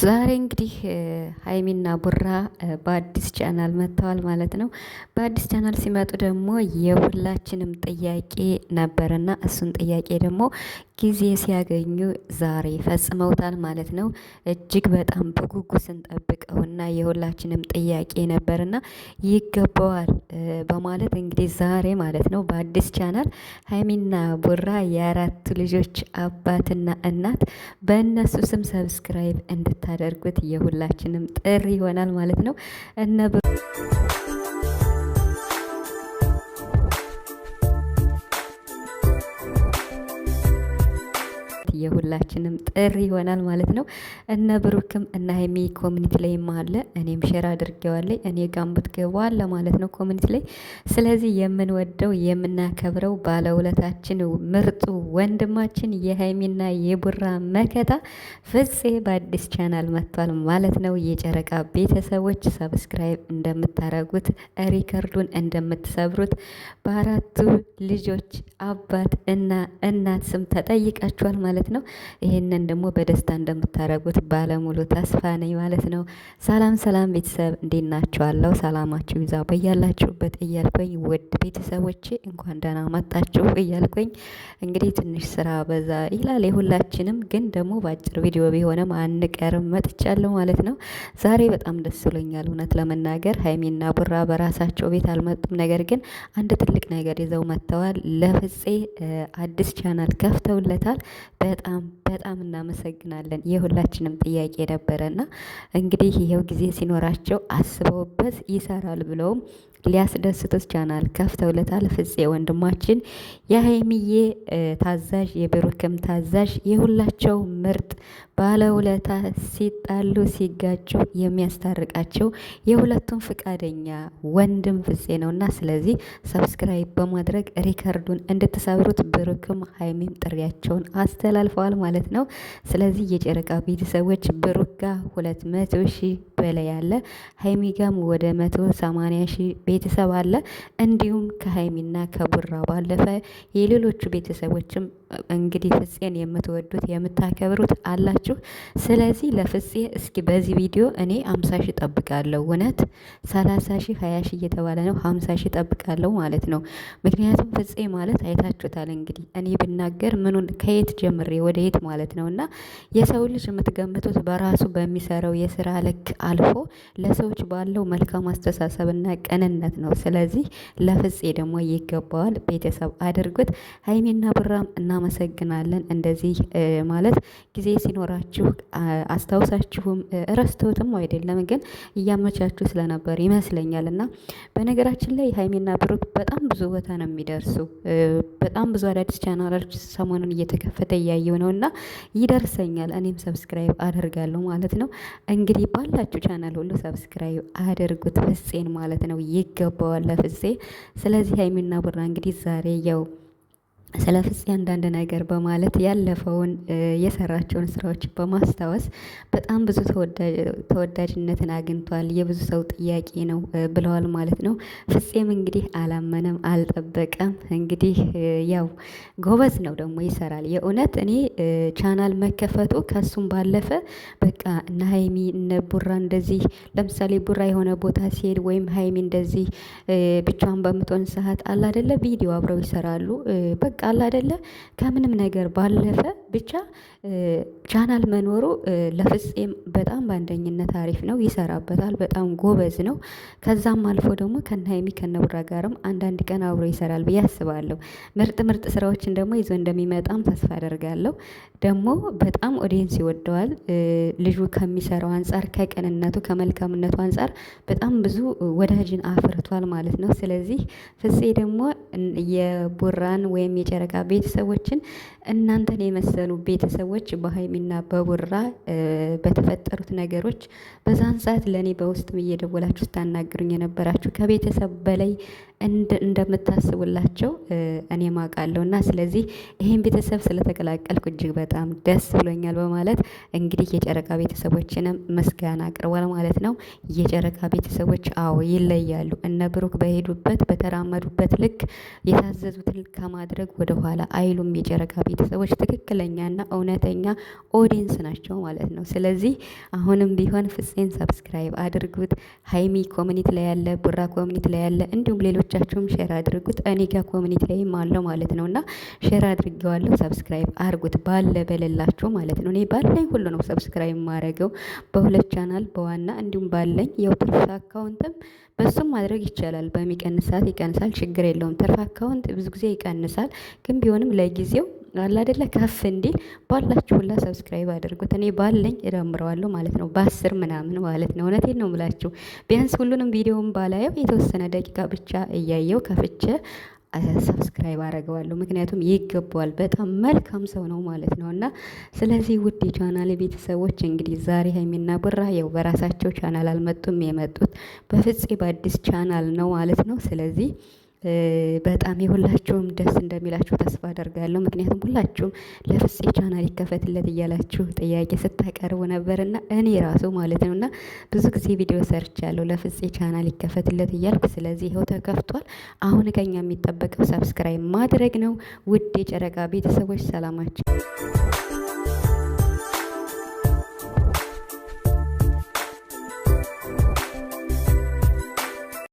ዛሬ እንግዲህ ሀይሚና ቡራ በአዲስ ቻናል መጥተዋል ማለት ነው። በአዲስ ቻናል ሲመጡ ደግሞ የሁላችንም ጥያቄ ነበረና እሱን ጥያቄ ደግሞ ጊዜ ሲያገኙ ዛሬ ፈጽመውታል ማለት ነው። እጅግ በጣም በጉጉ ስንጠብቀውና የሁላችንም ጥያቄ ነበርና ይገባዋል በማለት እንግዲህ ዛሬ ማለት ነው በአዲስ ቻናል ሀይሚና ቡራ የአራቱ ልጆች አባትና እናት በእነሱ ስም ሰብስክራይብ እንድት እንድታደርጉት የሁላችንም ጥሪ ይሆናል ማለት ነው እነ የሁላችንም ጥሪ ይሆናል ማለት ነው። እነ ብሩክም እና ሀይሚ ኮሚኒቲ ላይ አለ እኔም ሼር አድርጌዋለሁ። እኔ ጋምቡት ገባዋለ ማለት ነው ኮሚኒቲ ላይ። ስለዚህ የምንወደው የምናከብረው ባለውለታችን ምርጡ ወንድማችን የሀይሚና የቡራ መከታ ፍፄ በአዲስ ቻናል መጥቷል ማለት ነው። የጨረቃ ቤተሰቦች ሰብስክራይብ እንደምታረጉት ሪከርዱን እንደምትሰብሩት በአራቱ ልጆች አባት እና እናት ስም ተጠይቃችኋል ማለት ነው። ይህንን ደግሞ በደስታ እንደምታደርጉት ባለሙሉ ተስፋ ነኝ ማለት ነው። ሰላም ሰላም ቤተሰብ እንዴት ናችኋለሁ? ሰላማችሁ ይዛ በያላችሁበት እያልኩኝ ውድ ቤተሰቦቼ እንኳን ደህና መጣችሁ እያልኩኝ እንግዲህ ትንሽ ስራ በዛ ይላል የሁላችንም፣ ግን ደግሞ በአጭር ቪዲዮ ቢሆንም አንቀርም መጥቻለሁ ማለት ነው። ዛሬ በጣም ደስ ብሎኛል እውነት ለመናገር ሀይሚና ቡራ በራሳቸው ቤት አልመጡም። ነገር ግን አንድ ትልቅ ነገር ይዘው መጥተዋል። ለፍጼ አዲስ ቻናል ከፍተውለታል። በጣም በጣም እናመሰግናለን። የሁላችንም ጥያቄ ነበረና እንግዲህ ይኸው ጊዜ ሲኖራቸው አስበውበት ይሰራል ብለውም ሊያስደስቱት ቻናል ከፍተውለታል። ፍጼ ወንድማችን የሀይሚዬ ታዛዥ የብሩክም ታዛዥ የሁላቸው ምርጥ ባለውለታ ሲጣሉ ሲጋጩ የሚያስታርቃቸው የሁለቱም ፈቃደኛ ወንድም ፍጼ ነው እና ስለዚህ ሰብስክራይብ በማድረግ ሪከርዱን እንድትሰብሩት ብሩክም ሀይሚም ጥሪያቸውን አስተላልፈዋል። ሆኗል ማለት ነው። ስለዚህ የጨረቃ ቤተሰቦች ብሩክ ጋ ሁለት መቶ ሺህ በላይ አለ። ሀይሚ ጋም ወደ መቶ ሰማንያ ሺህ ቤተሰብ አለ። እንዲሁም ከሀይሚና ከቡራ ባለፈ የሌሎቹ ቤተሰቦችም እንግዲህ ፍፄን የምትወዱት የምታከብሩት አላችሁ። ስለዚህ ለፍፄ እስኪ በዚህ ቪዲዮ እኔ አምሳ ሺ ጠብቃለሁ። እውነት ሰላሳ ሺ ሀያ ሺ እየተባለ ነው። ሀምሳ ሺ ጠብቃለሁ ማለት ነው። ምክንያቱም ፍፄ ማለት አይታችሁታል። እንግዲህ እኔ ብናገር ምኑን ከየት ጀምሬ ወደ የት ማለት ነው። እና የሰው ልጅ የምትገምቱት በራሱ በሚሰራው የስራ ልክ አልፎ ለሰዎች ባለው መልካም አስተሳሰብና ቀንነት ነው። ስለዚህ ለፍፄ ደግሞ ይገባዋል። ቤተሰብ አድርጉት። ሀይሜና ብራም እና እናመሰግናለን። እንደዚህ ማለት ጊዜ ሲኖራችሁ አስታውሳችሁም እረስቶትም አይደለም ግን እያመቻችሁ ስለነበር ይመስለኛል። እና በነገራችን ላይ ሀይሚና ብሩክ በጣም ብዙ ቦታ ነው የሚደርሱ። በጣም ብዙ አዳዲስ ቻናሎች ሰሞኑን እየተከፈተ እያየው ነው እና ይደርሰኛል። እኔም ሰብስክራይብ አደርጋለሁ ማለት ነው። እንግዲህ ባላችሁ ቻናል ሁሉ ሰብስክራይብ አድርጉት። ፍፄን ማለት ነው ይገባዋል ለፍፄ። ስለዚህ ሀይሜና ቡራ እንግዲህ ዛሬ ያው ስለ ፍፄ አንዳንድ ነገር በማለት ያለፈውን የሰራቸውን ስራዎች በማስታወስ በጣም ብዙ ተወዳጅነትን አግኝቷል። የብዙ ሰው ጥያቄ ነው ብለዋል ማለት ነው። ፍጽም እንግዲህ አላመነም፣ አልጠበቀም። እንግዲህ ያው ጎበዝ ነው ደግሞ ይሰራል። የእውነት እኔ ቻናል መከፈቱ ከሱም ባለፈ በቃ እነ ሀይሚ እነ ቡራ እንደዚህ ለምሳሌ ቡራ የሆነ ቦታ ሲሄድ ወይም ሀይሚ እንደዚህ ብቻዋን በምትሆን ሰዓት አላደለ ቪዲዮ አብረው ይሰራሉ በቃ አለ አይደለ? ከምንም ነገር ባለፈ ብቻ ቻናል መኖሩ ለፍጼም በጣም በአንደኝነት አሪፍ ነው፣ ይሰራበታል፣ በጣም ጎበዝ ነው። ከዛም አልፎ ደግሞ ከነሀይሚ ከነቡራ ጋርም አንዳንድ ቀን አብሮ ይሰራል ብዬ አስባለሁ። ምርጥ ምርጥ ስራዎችን ደግሞ ይዞ እንደሚመጣም ተስፋ አደርጋለሁ። ደግሞ በጣም ኦዲየንስ ይወደዋል ልጁ ከሚሰራው አንጻር ከቅንነቱ ከመልካምነቱ አንጻር በጣም ብዙ ወዳጅን አፍርቷል ማለት ነው። ስለዚህ ፍጼ ደግሞ የቡራን ወይም የጨረቃ ቤተሰቦችን እናንተን የመሰሉ የሚበሉ ቤተሰቦች በሀይሚና በቡራ በተፈጠሩት ነገሮች በዛን ሰዓት ለእኔ በውስጥም እየደወላችሁ ስታናግሩኝ የነበራችሁ ከቤተሰብ በላይ እንደምታስቡላቸው እኔም አውቃለሁ እና ስለዚህ ይህን ቤተሰብ ስለተቀላቀልኩ እጅግ በጣም ደስ ብሎኛል በማለት እንግዲህ የጨረቃ ቤተሰቦችንም ምስጋና አቅርቧል ማለት ነው። የጨረቃ ቤተሰቦች አዎ ይለያሉ። እነ ብሩክ በሄዱበት በተራመዱበት ልክ የታዘዙትን ከማድረግ ወደኋላ አይሉም። የጨረቃ ቤተሰቦች ትክክለኛና እውነተኛ ኦዲንስ ናቸው ማለት ነው። ስለዚህ አሁንም ቢሆን ፍጼን ሰብስክራይብ አድርጉት። ሀይሚ ኮሚኒቲ ላይ ያለ፣ ቡራ ኮሚኒቲ ላይ ያለ እንዲሁም ሌሎች ከወደዳችሁም ሼር አድርጉት። እኔ ጋር ኮሚኒቲ ላይም አለው ማለት ነው እና ሼር አድርጌዋለሁ። ሰብስክራይብ አርጉት ባለ በለላችሁ ማለት ነው። እኔ ባለኝ ሁሉ ነው ሰብስክራይብ ማድረገው በሁለት ቻናል በዋና እንዲሁም ባለኝ የው ትርፍ አካውንትም በሱም ማድረግ ይቻላል። በሚቀንስ ሰዓት ይቀንሳል፣ ችግር የለውም። ትርፍ አካውንት ብዙ ጊዜ ይቀንሳል፣ ግን ቢሆንም ለጊዜው አለ አይደለ ከፍ እንዲል ባላችሁ ሁላ ሰብስክራይብ አድርጉት። እኔ ባለኝ እደምረዋለሁ ማለት ነው፣ በአስር ምናምን ማለት ነው። እውነቴን ነው የምላችሁ። ቢያንስ ሁሉንም ቪዲዮውን ባላየው የተወሰነ ደቂቃ ብቻ እያየው ከፍቼ ሰብስክራይብ አደርገዋለሁ። ምክንያቱም ይገባዋል። በጣም መልካም ሰው ነው ማለት ነው። እና ስለዚህ ውድ የቻናል ቤተሰቦች እንግዲህ ዛሬ ሀይሚና ብራ ያው በራሳቸው ቻናል አልመጡም። የመጡት በፍፄ በአዲስ ቻናል ነው ማለት ነው። ስለዚህ በጣም የሁላችሁም ደስ እንደሚላችሁ ተስፋ አደርጋለሁ። ምክንያቱም ሁላችሁም ለፍፄ ቻናል ይከፈትለት እያላችሁ ጥያቄ ስታቀርቡ ነበርና እኔ ራሱ ማለት ነው እና ብዙ ጊዜ ቪዲዮ ሰርቻለሁ ለፍፄ ቻናል ይከፈትለት እያልኩ ስለዚህ ይኸው ተከፍቷል። አሁን ከኛ የሚጠበቀው ሰብስክራይብ ማድረግ ነው። ውድ የጨረቃ ቤተሰቦች ሰላማችሁ